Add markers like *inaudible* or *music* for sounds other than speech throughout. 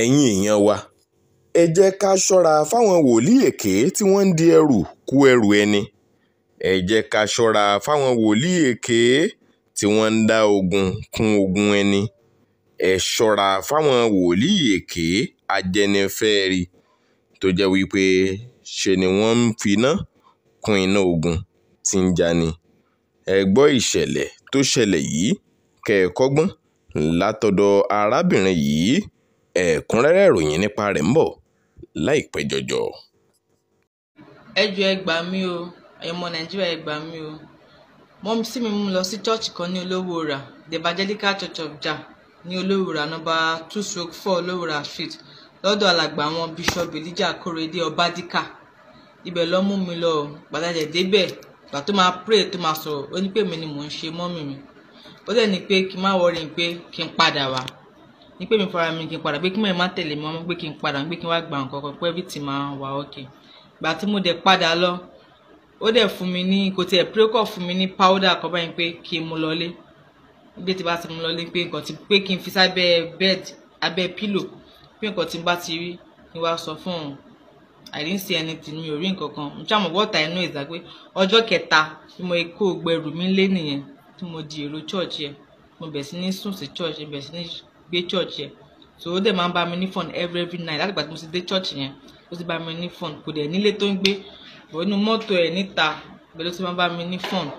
ẹ̀yin èèyàn wa ẹ jẹ́ ká ṣọ́ra fáwọn wòlíì èké tí wọ́n ń di ẹrù kú ẹrù ẹni ẹ jẹ́ ká ṣọ́ra fáwọn wòlíì èké tí wọ́n ń dá ogun kún ogun ẹni ẹ ṣọ́ra fáwọn wòlíì èké ajẹnifẹ́ẹ̀rí tó jẹ́ wípé ṣe ni wọ́n ń finá kún iná ogun tí ń jani ẹ gbọ́ ìṣẹ̀lẹ̀ tó ṣẹlẹ̀ yìí kẹ́ ẹ kọ́gbọ́n látọ̀dọ̀ arábìnrin yìí ẹ̀kúnrẹ́rẹ́ ìròyìn nípa rẹ̀ ń bọ̀ láìpẹ́ jọjọ. ẹ jù ẹ gbà mí o ọmọ nàìjíríà ẹ gbà mí o mọ́mí sí mi mú lọ sí chọ́ọ̀chì kan ní olówóra the evangelical church of jah ní olówóra nọ́mbà two stroke four olówóra street lọ́dọ̀ alàgbà àwọn bishop elijah korede ọbadika ibẹ̀ ló mú mi lọ gbàdájẹ débẹ̀ gbà tó máa pray tó máa sọ̀rọ̀ ó ní pé mi ni mò ń ṣe mọ́mì mi ó dẹ̀ ní pé kí n má wọrin pé kí n padà wá ní pé mi fara mi kí n padà pé kí mọ̀ ẹ́ má tẹ̀lé mi ọmọ pé kí n padà pé kí n wá gba nǹkan kan pé everything máa wà ókè gbà tí mo dẹ̀ padà lọ ó dẹ̀ fún mi ní kò tiẹ̀ pírẹ́kọ̀ fún mi ní powder kan báyìí pé kí n mú lọlé gbé tí bá ti mú lọlé pé nǹkan ti pé kí n fi sábẹ́ bed abẹ́ pílò pé nǹkan tí bá ti rí ni wàá sọ fún òun I didn't see anything mi ò rí nǹkan kan mo ṣàmọ̀ wọ́ọ̀tà inú ìzà pé ọjọ́ kẹta ni mo kó gbẹrù mi lé nìyẹn tí mo di èrò church yẹn mo bẹ̀ sí ní sùn sí church bẹ̀ sí ní gbé church yẹn so ó dẹ̀ máa ń bá mi ní phone every every night láti ìgbà tí mo ti dé church yẹn ó ti bá mi ní phone kò dẹ̀ nílé tó ń gbé bọ̀ inú mọ́tò ẹ̀ níta bẹ́ẹ̀ ló ti máa ń bá mi ní phone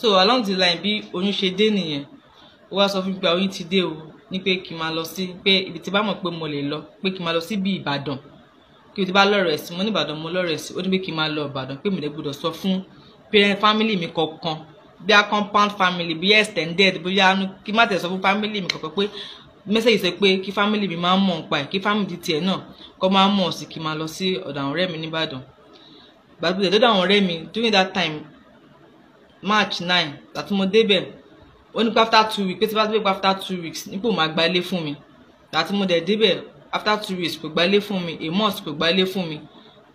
so along the line bí oyún ṣe dé nìyẹn ó wá sọ fún mi pé oyún ti dé o ní pé kí n máa lọ sí pé ibi tí bá mọ̀ pé mo lè lọ pé kí n máa lọ sí bí Ìbàdàn kí o ti bá lọ́rọ̀ ẹ̀sìn mo ní Ìbàdàn mo lọ́rọ̀ ẹ̀sìn ó ní pé kí n máa lọ Ìbàdàn pé mi lè gbọ́dọ̀ sọ fún pé family mi kọ̀ọ̀kan bí a compound family bí extended bóyá kí má tẹ̀sọ́ fún family mi kọ̀ọ̀kan pé mẹ́sẹ̀jì sọ pé kí family mi máa ń mọ̀ nípa ẹ̀ kí family ti tiẹ̀ náà kọ́ máa ń mọ̀ sí kí n máa lọ sí ọ̀dọ̀ àwọn ọ̀rẹ́ mi nìbàdàn gbàgbé lọ́dọ̀ àwọn ọ̀rẹ́ mi during that time march nine àti mo débẹ̀ ó ní pé after two weeks pé tí bá débẹ̀ pé after two weeks nípò máa gba ilé fún mi àti mo dẹ̀ débẹ̀ after two weeks kò gba ilé fún mi a month kò gba ilé fún mi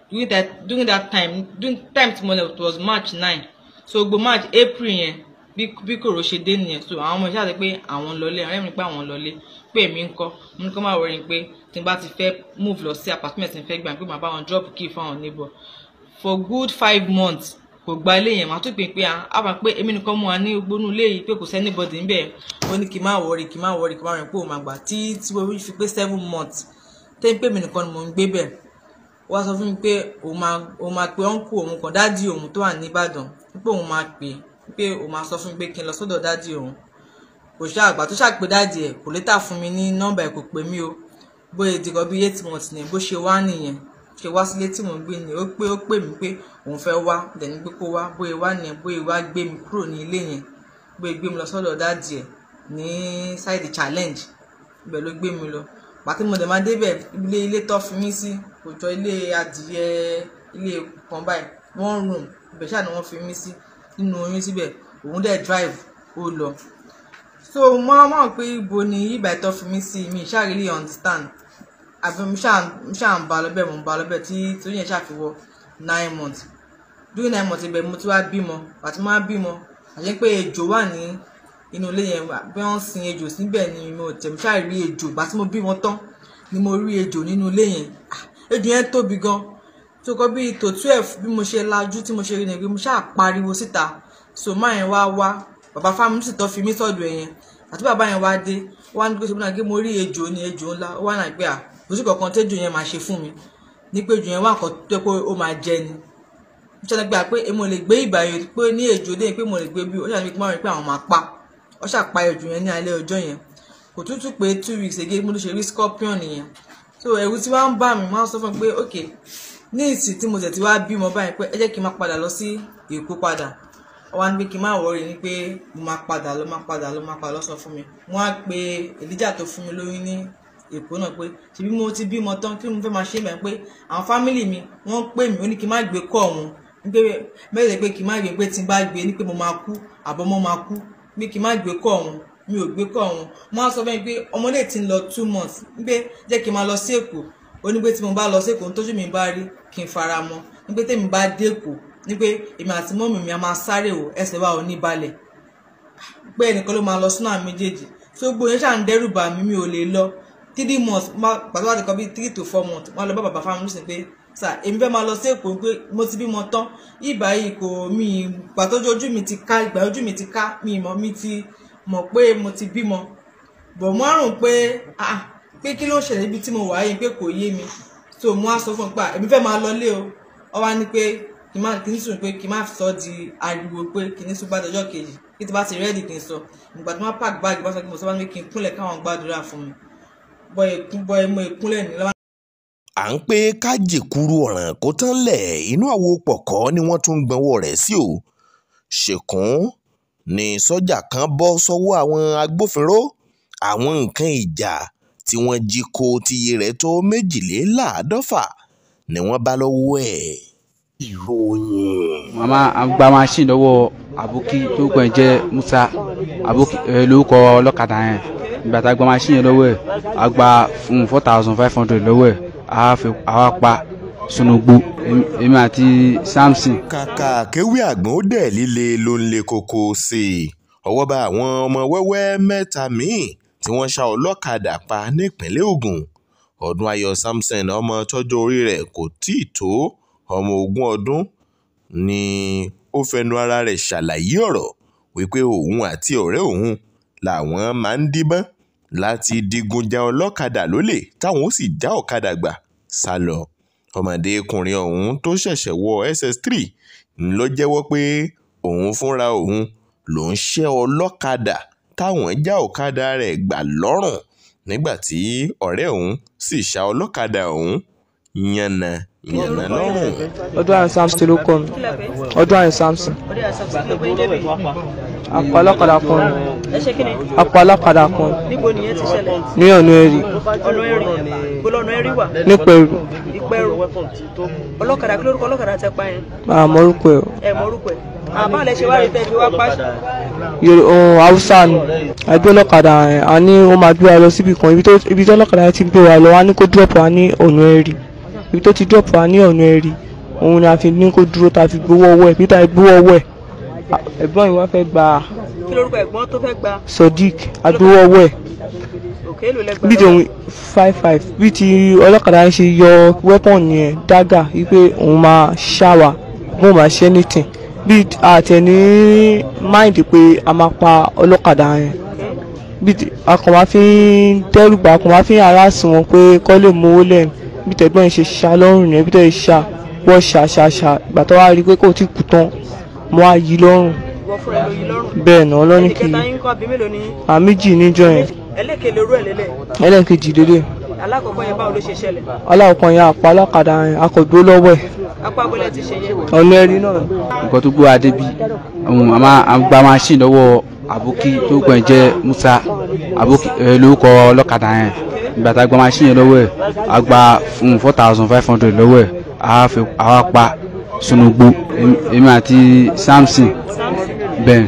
during that during that time during time tí mo left was march nine so gbogbo march april yẹn bí kòrò ṣe dé nìyẹn so àwọn ọmọ ìṣáàtì pé àwọn lọlé àwọn ẹ̀mí pé àwọn lọlé pé èmi ń kọ́ mo ní kó má wọrin pé tí n bá ti fẹ́ move lọ sí apartment tí n fẹ́ gbà pé màá bá wọn drop key fáwọn neighbor for good five months kò gba ilé yẹn màá tún pè pé a máa pé èmi nìkan mú wa ní gbónú ilé yìí pé kò sẹ́ni bọ́dì níbẹ̀ ó ní kí n má wọrí kí n má wọrí kí n má rìn pé òun àgbà tí tí mo fi pé seven months tẹ́ni pé èmi nìkan ni mò ń gbé bẹ̀ wá sọ fún mi pé òun máa pe ọ́nkù òun kan dáàdi òun tó wà ní Ìbàdàn pé òun máa pè pé òun máa sọ fún mi pé kí n lọ sọ́dọ̀ dádì òun kò ṣáà àgbà tó ṣàpè dádì ẹ̀ kò létà fún mi ní nọ́mbà ẹ̀ kò pè mí o bóyá ti kọ́ bí eight months ni bó ṣe wá nìyẹn ṣe wá sílé tí mò ń gbé ni ó pé ó pè mí pé òun fẹ́ wá dẹ̀ni pé kó wá bóyá wá nìyẹn bóyá wá gbé mi kúrò ní ilé yẹn bóyá gbé mi lọ sọ́dọ̀ dádì ẹ̀ ní side challenge ibẹ̀ ló gbé mi lọ pàtí mo dẹ̀ máa débẹ̀ ilé ilé tó fi mí sí kò jọ ilé adìyẹ ilé kan báyìí one room ibẹ̀ ṣáà ni wọ́n fi mí sí nínú oyún síbẹ̀ òun dẹ̀ drive ó lọ so mo mọ̀ pé ibo ni ibà ìtọ́ fi mí sí mi ṣáà really understand àfi mo ṣáà ń ba lọ́bẹ̀ mo ń ba lọ́bẹ̀ tí tó yẹn ṣáà fi wọ nine months during nine months ibẹ̀ mo ti wá bímọ àti mo wá bímọ àti pé ejò wà ní inú ilé yẹn bí wọ́n sin ejò síbẹ̀ ni mo tẹ̀mí ṣáà rí ejò gbà tí mo bímọ tán ni mo rí ejò nínú ilé yẹn ah, ejò yẹn tóbi gan-an so kọ́ bíi tó twelve bí mo ṣe lajú tí mo ṣe rí nìgbé mo ṣáà pariwo síta so máa yẹn wá wá bàbá fámi sì tọ́ fi mí sọ́dọ̀ ẹ̀ yẹn àti bàbá yẹn wá dé wá ní pé ṣe bí náà gé mo rí ejò ní ejò ńlá wá náà gbé à kò sí kankan tẹ́jò yẹn máa ṣe fún mi ní pé ejò yẹn wà kọ́ tó pé ó máa jẹ ni mo ṣàlàyé gbà pé mo lè gbé ìbà yẹn pé ní ejò dé pé mo lè gbé bí ó ṣàlàyé pé máa rí pé àwọn máa pa ó ṣàpa ejò yẹn ní alẹ́ ọjọ́ yẹn kò tútù pé two weeks again mo ló ṣe rí scorpion yẹn so ẹ̀rù tí wọ́n ń bà mí wọ́n sọ fún mi pé okay ní ìsìn tí mo tẹ̀ ti wá bímọ báyìí pé ẹ jẹ́ kí n máa padà lọ sí èkó padà wọ́n á ní pé kí n máa wọ́ọ̀rì ni pé mo máa padà lọ máa padà lọ máa padà lọ sọ fún mi wọ́n á pe èlíjà tó fún mi lóyún ní èkó náà pé ṣebí mo ti bímọ tán kí mo fẹ́ máa ṣe mẹ́rin pé àwọn fámìlì mi wọ́n pè mí ó ní kí n má gbé kọ́ wọn pé mẹ́rin pé kí n má gbé pé tí n bá gbé ní pé mo máa kú àbọ̀mọ́ máa kú ní kí n má gbé kọ́ wọn mi ò gbé kọ́ wọn wọ́n á sọ fún pé ọmọdé ti ń lọ two months ń pé jẹ́ kí n máa lọ sí èkó ó ní pé tí mo bá lọ sékòó tójú mi bá rí kí n fara mọ́ ní pé tèmi bá dẹ́kò ní pé èmi àti mọ́mì mi a máa sáré o ẹsẹ̀ wa ò ní balẹ̀ pé ẹnìkan ló máa lọ sínú àmì méjèèjì tó gbó yẹn ṣáà ń dẹ́rù bà mí mi ò lè lọ three months pàtó àti kan bíi three to four months wọn lọ bá bàbá fáwọn olùsìn pé sà èmi fẹ́ máa lọ sí èkó pé mo ti bímọ tán ìbá yìí kò mi pàtó ojú mi ti ká ìgbà ojú mi ti ká mi ìmọ̀ mi ti mọ̀ pé mo ti bímọ bọ̀ márùn pé ah pé kí ló ṣẹlẹ̀ ibi tí mo wà yìí pé kò yé mi so mo á sọ fún un pé èmi fẹ́ máa lọlé o ọ wá ní pé kì má kì í sùn pé kì má sọ di ariwo pé kì í sùn bá dọjọ́ kejì kí ti bá ti rẹ́ẹ̀dì kì í sọ ìgbà tí wọ́n pàk báàgì bá sọ pé mo sọ wá ní kí n kúnlẹ̀ káwọn gbàdúrà fún mi bọ èkún bọ ẹmọ ìkúnlẹ̀ ní lọ́wọ́. à ń pé kájì kúrú ọ̀ràn kó tán lẹ̀ inú àwo pọ̀kọ́ ni wọ́n tún gbọ́nwọ́ rẹ̀ sí o ṣèkún ni sọ́jà kan bọ́ sọ́wọ́ àwọn agbófinró àwọn nǹkan ìjà tí wọ́n jí kó tíye rẹ̀ tó méjìléláàádọ́fà ni wọ́n bá lọ́wọ́ ẹ̀. ìròyìn. màmá àgbà machine lọ́wọ́ àbókí tó kàn jẹ́ Musa àbókí eh, lórúkọ ọlọ́kadà yẹn ìgbà tá a gba machine yẹn lọ́wọ́ ẹ̀ a gba four thousand five hundred lọ́wọ́ ẹ̀ àwa pa sunugbu èmi àti Samson. kàkà kéwì àgbọn ó dẹ̀ líle ló ń le koko sí i ọwọ́ bá àwọn ọmọ wẹ́wẹ́ mẹ́ta míì tí wọ́n ṣá ọlọ́kadà pa nípínlẹ̀ Ògùn Ọdúnayọ̀ Samson ọmọ tọ́jọ́ orí rẹ̀ kò tí ì tó ọmọ ogún ọdún ni ó fẹnu ara rẹ̀ ṣàlàyé ọ̀rọ̀ wípé òun àti ọ̀rẹ́ òun làwọn máa ń díbọ́n láti digun ja ọlọ́kadà lólè táwọn ó sì já ọ̀kadà gbà sá lọ ọmọdékùnrin ọ̀hún tó ṣẹ̀ṣẹ̀ wọ ss3 ló jẹ́wọ́ pé òun fúnra òun lòún ṣẹ́ ọlọ́kadà táwọn já ọ̀kadà rẹ̀ gbà lọ́rùn nígbà tí ọ̀rẹ́ òun sì ṣá ọlọ́kadà ọ̀hún yánnayànna ìyẹ̀mẹ̀ lọ́rùn. ọdún àyìn samson ló kọ́ mi ọdún àyìn samson. àpò alákàdá kan ni àpò alákàdá kan ni ní ọ̀nà ẹ̀rì ní pẹ̀rù. ọlọ́kadà kí lórúkọ ọlọ́kadà tẹ pa yẹn. àmọ́ orúkọ ẹ̀ o. ẹ̀ mọ́ orúkọ ẹ̀ àmọ́ àlẹ́ ṣe wá rí tẹ́jú wá pàṣẹ. haúsá ni ẹgbẹ́ ọlọ́kadà yẹn a ní ó máa gbé wa lọ síbi kan ibi tó ọlọ́kadà yẹn ti gbé wa lọ wa ní kó dúrọ̀pù wa ní ọ̀nà ẹ̀rì ibi tó ti drop wa ní ọ̀nà ẹ̀rí òun ni a fi ní kó dúró ta fi gbowó ọwọ́ ẹ̀ peter gbowó ọwọ́ ẹ̀ ẹ̀gbọ́n yìí wọ́n fẹ́ gba. kí agbowó ọwọ́ ẹ̀ bí ti òun five five bí ti ọlọ́kadà ń ṣe yọ weapon yẹn daga wípé òun máa ṣáwa mo máa ṣe anything bí àtẹ̀ní mind pé a máa pa ọlọ́kadà yẹn bí akọ̀ máa fi ń dẹ́rù bà akọ̀ máa fi ń harass wọn pé kọ́ lè mowó lẹ́nu bí tẹ̀gbọ́n ṣe ṣá lọ́rùn yẹn bí tẹ̀ ṣá wọ́n ṣá ṣá ṣá ìgbà tó wá rí i pé kò tí kú tán mo á yí lọ́rùn bẹ́ẹ̀ náà lọ́ní kì í àmìjì níjọ yẹn ẹlẹ́kejì dédé alákọ̀ọ́kọ́ yẹn àpá alákàdá yẹn akọ̀dúró lọ́wọ́ ẹ̀ ọ̀nà ẹ̀rí náà. nǹkan tó gbó adébí àgbà máa ṣì lọ́wọ́ àbókí tó gbọ̀n jẹ́ musa àbókí lórúkọ ọlọ́kadà yẹn ìgbà tá a gba machine yẹn lọ́wọ́ ẹ̀ a gba fún four thousand five hundred lọ́wọ́ ẹ̀ a wá pa sunugbo èmi àti samson bẹ́ẹ̀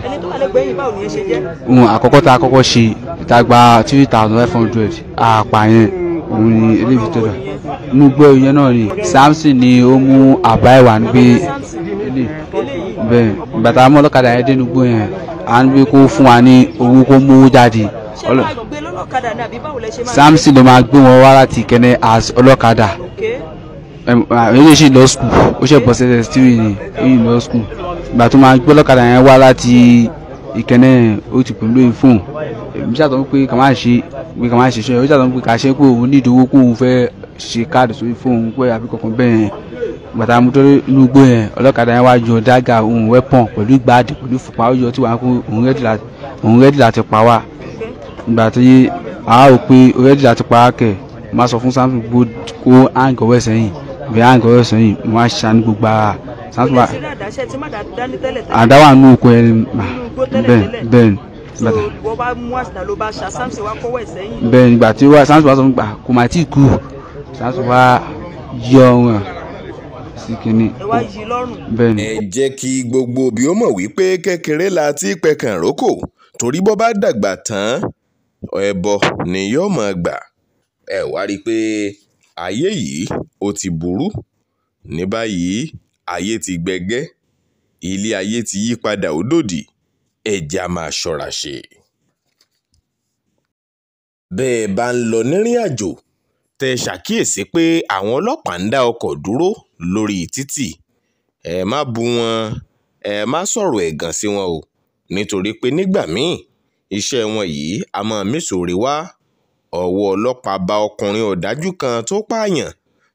ohun àkọ́kọ́ tá a kọ́kọ́ ṣe tá a gba three thousand five hundred àpà yẹn òun ni eléyìí tó dà nùgbọ́ ìyẹn náà ni samson ni ó mú àbá ẹ̀wà nígbé bẹ́ẹ̀ bàtà mọ́ ọlọ́kadà yẹn dé nùgbọ́ yẹn à ń wí kó fún wa ní owó kó mówó jáde. samson ló máa gbé wọn wá láti kẹ́nẹ́ as ọlọ́kadà èyí ṣì lọ skul ó ṣe bọ́ sẹ́sẹ̀ stiri ni èyí lọ skul ìgbà tó máa gbé ọlọ́kadà yẹn wá láti ìkẹ́nẹ́ ó ti pèlú lóyún fóun èmi ṣàtọ́ pé kà máa ṣe pé kà máa ṣe ṣe ó ṣàtọ́ pé kà ṣe pé òun ní ìdówó kóun fẹ́ ṣe káàdì sórí fóun pé àbí kankan bẹ́ẹ̀ yẹn gbàtà mo tó inú gbó yẹn ọlọ́kadà yẹn wá yọ dága òun wẹ́pọ̀n pẹ̀lú gbáàdì pẹ̀lú fòpá ó yọ tí wàá kó òun rẹ́dì láti pa wá ìgbà tí a ò pé rẹ́dì láti pa á kẹ̀ máa sọ fún samson gbó kó áǹgọ̀ wẹ̀ sẹ́yìn bí áǹgọ̀ wẹ̀ sẹ́yìn mo máa ṣá ní gbogbo ara àdáwà nù oko yẹn ah, bẹ́ẹ̀ bẹ́ẹ̀ bàtà bẹ́ẹ̀ nígbà tí samson bá sọ fún gbà ah, kò má tí ì kú samson bá yọ ọ̀hún sí kínní bẹ́ẹ̀ni. ẹ jẹ́ kí gbogbo òbí ó mọ̀ wípé kékeré la ti pẹ̀kàn rókò torí bó bá dàgbà tán ẹbọ ni yóò máa gbà ẹ wá rí i pé ayé yìí ó ti burú ní báyìí ayé ti gbẹgẹ́ ilé ayé ti yí padà òdòdì ẹja máa ṣọ́ra ṣe. bẹ́ẹ̀ bá ń lọ nírìn àjò tẹ ṣàkíyèsí pé àwọn ọlọ́pàá ń dá ọkọ̀ dúró lórí títì ẹ má bú wọn ẹ má sọ̀rọ̀ ẹ̀gàn sí wọn o nítorí pé nígbà míì iṣẹ́ wọn yìí a máa méṣòre wá ọwọ́ ọlọ́pàá bá ọkùnrin ọ̀dájú kan tó pààyàn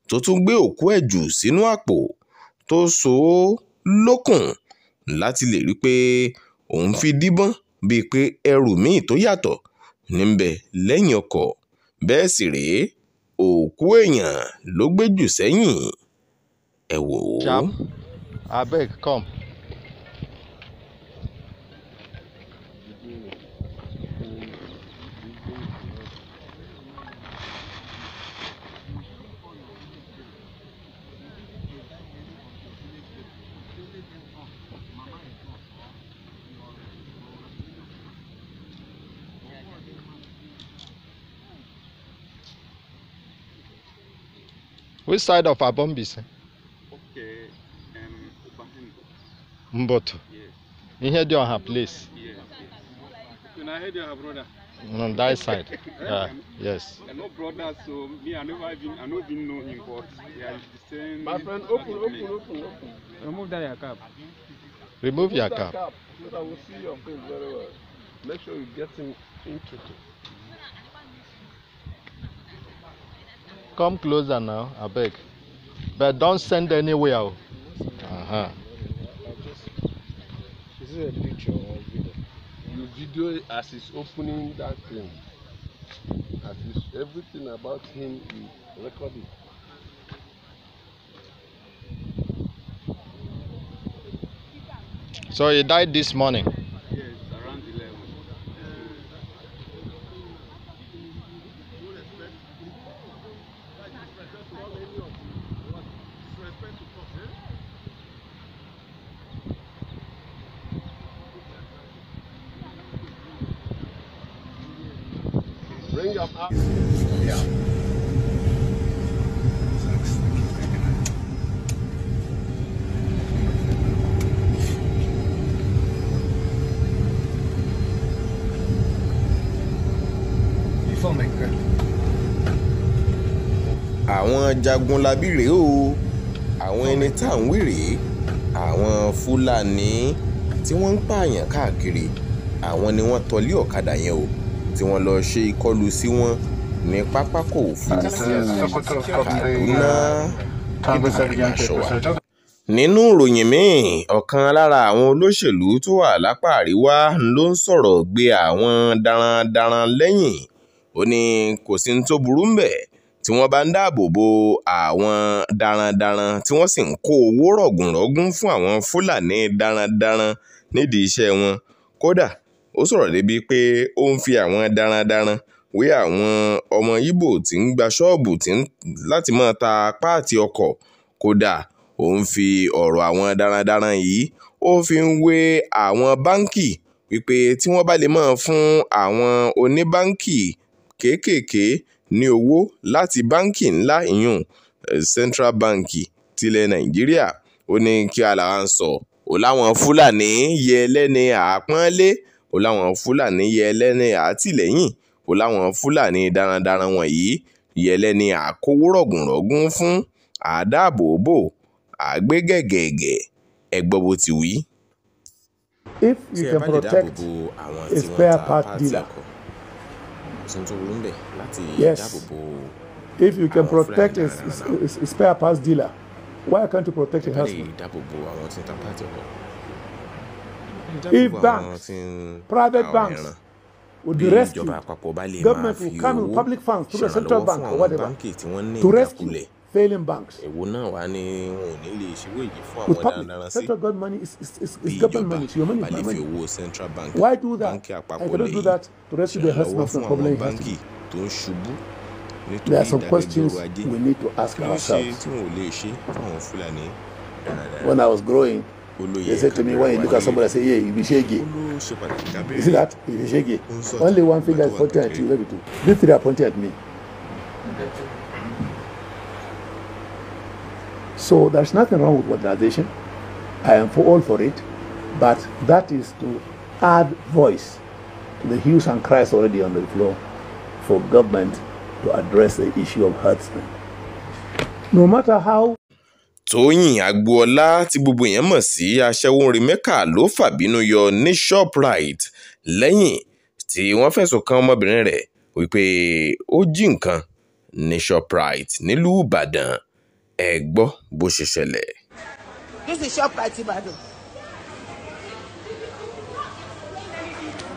tó tún gbé òkú ẹ̀ jù sínú àpò tó so ó lókùn láti lè rí i pé òun fi díbọ́n bíi pé ẹrù míì tó yàtọ̀ níbẹ̀ lẹ́yìn ọkọ̀ bẹ́ẹ̀ sì rèé òkú èèyàn ló gbé jù sẹ́yìn ẹ̀ wò ó. abeg come Which side of Abombise? Okay, um, Mboto. Yes. In here, Ọha place. Yes. And I heard you have brother. On that side. *laughs* Eh? yeah. Yes. And no brother, so me, I never even, I don't even know him, but they the same. My friend, open, open, open, open. Remove that your cap. Remove your cap. cap. I will see your face very well. Make sure you get him into it. come closer now i beg but don't send anywhere oh. uh-huh. is it a picture or video you video as he's opening that thing as is everything about him is recorded. so he died this morning Link auf A. Ja. àwọn jagunlabí rèé o àwọn ẹni tá à ń wí rèé àwọn fúlàní tí wọ́n ń pààyàn káàkiri àwọn ni wọ́n tọ́lé ọ̀kadà yẹn o tí wọ́n lọ ṣe ìkọlù sí wọn ní pápákọ̀ òfurufú Kaduna ìbáraẹnisọ̀wà. nínú ìròyìn míì ọ̀kan lára àwọn olóṣèlú tó wà lápá àríwá ló ń sọ̀rọ̀ gbé àwọn darandaran lẹ́yìn ó ní kò sí tó burú mbẹ̀ tí wọ́n bá ń dáàbò bo àwọn darandaran tí wọ́n sì ń kó owó rọ̀gùnrọ̀gùn fún àwọn fúlàní darandaran nídìí iṣẹ́ wọn kódà ó sọ̀rọ̀ débi pé ó ń fi àwọn darandaran wé àwọn ọmọ ibo tí ń gba ṣọ́ọ̀bù láti máa ta páàtì ọkọ̀ kódà ó ń fi ọ̀rọ̀ àwọn darandaran yìí ó fi ń wé àwọn báǹkì wípé tí wọ́n bá lè máa fún àwọn oníbáǹkì kéékèèké ní owó láti báǹkì ńlá ìyún eh, central bank tilẹ̀ nàìjíríà ó ní kí alára ń sọ ò láwọn fúlàní yẹ lẹ́ni àpọ́nlé ó láwọn fúlàní yẹlẹ́ni àtìlẹ́yìn ó láwọn fúlàní darandaran wọ̀nyí yẹlẹ́ni àkówórọ̀gùnrọ̀gùn fún àdáàbòbò àgbégẹ̀gẹ̀gẹ̀ ẹgbọ́ bó ti wí. if you can protect a spare part dealer yes if you can protect a, a spare parts dealer why can't you protect a husband if banks private banks would be rescued government will come in public funds through the central bank or whatever to rescue failing banks. With public central government money is is is, is government money it's your money it's my money. why do that i cannot do that to rescue the husband from problem he has to. tó ń ṣubú nítorí ìdánilóró ajé kí wọ́n when i was growing They said to me, when you look at somebody, I say, yeah, you be shaggy. You see that? You be shaggy. Only one finger is pointing at you, maybe two. These three are pointing at me. So there's nothing wrong with modernization. I am for all for it, but that is to add voice to the hues and cries already on the floor for government to address the issue of herdsmen. No matter how tóyìn agboola tí gbogbo èèyàn mọ̀ sí aṣẹ́wó-ń-rí-mẹ́kà ló fàbínú yọ ní shoprite lẹ́yìn tí wọ́n fẹ̀sùn kan ọmọbìnrin rẹ̀ wípé ó jí nǹkan ní shoprite nílùú ìbàdàn ẹ gbọ́ bó ṣe ṣẹlẹ̀. this is shoprite ìbàdàn.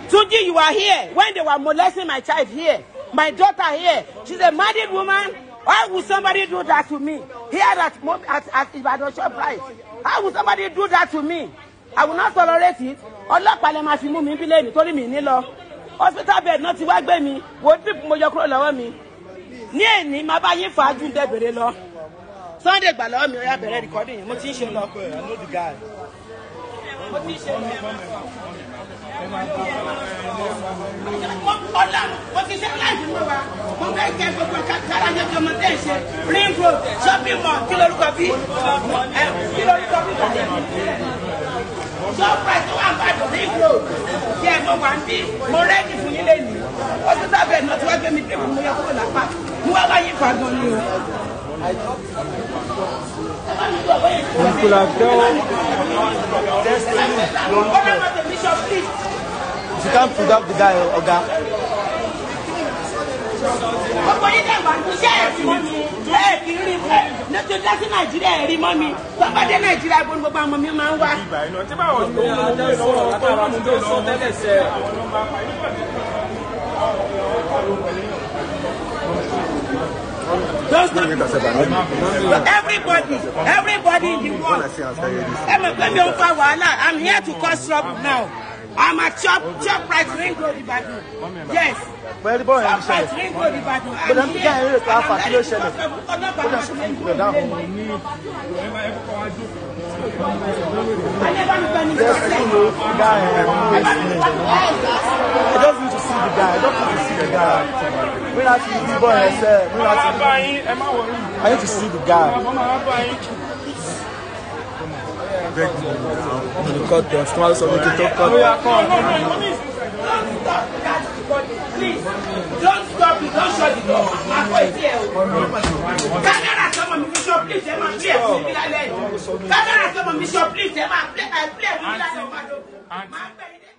Tunji you are here when they were molesting my child here my daughter here she's a married woman Why would somebody do that to me? Here at at, at Ibadan shop price. How would somebody do that to me? I will not tolerate it. Ọlọ́pàá lè máa fi mú mi bí lẹ́yìn nítorí mi ní lọ. Hospital bed náà ti wá gbé mi. Wo drip mo yọ kúrò lọ́wọ́ mi. Ní èní, màá bá yín fàájú dẹ̀ bèrè lọ. Sunday gbà lọ́wọ́ mi, ó yá bẹ̀rẹ̀ rìkọ́dì yìí. Mo ti ń ṣe lọ. Mo ti ṣe láìpẹ́ mọ́ mo fẹ́ kẹ́ gbogbo kára yẹ kọ́mọ ṣe ring road shopping mall kí lórúkọ bí kí lórúkọ bí kàdé shoprite wà gbàdùn ring road kí ẹ mọ wà ń bí mo rẹ́ẹ̀dì fún yín lẹ́nu ó sì sábẹ̀ náà tí wọ́n gbé mi pé mo yẹ kúrò lápá mo wá wáyé ìfàgbọ́n ni o. On could have done testing. You can't put up the guy, Oga gbogbo yín dẹ̀ wá iṣẹ́ ẹ̀ rí mọ́ mi ẹ̀ kì rí fẹ́ nítorí dá nàìjíríà ẹ̀ rí mọ́ mi bàbá nàìjíríà ìbọn gbogbo àwọn ọmọ mi máa ń wá. Everybody, everybody in the world. I'm here to cause trouble now. I'm a chop chop right ring road Ibadan. Yes. Pẹ̀lú bọ́ọ̀lù ẹni ṣẹlẹ̀. Bọ́lá ń bíjá eré ìta àfà kí ló ṣẹlẹ̀. Bọ́lá ṣe fún ìgbà dáhùn. Just you know, the guy who is in I don't need to see the guy. I don't need to see the guy. We have to see the boy herself. We have to. I need to see the guy beg you now. cut them. Tomorrow somebody to talk. No, no, no. Please, don't stop it. Don't shut it off. Kádàrá sọmọ mi bishop please ẹ máa play ẹ̀fún mi lálẹ́. Kádàrá sọmọ mi bishop please ẹ máa play ẹ̀fún mi lálẹ́.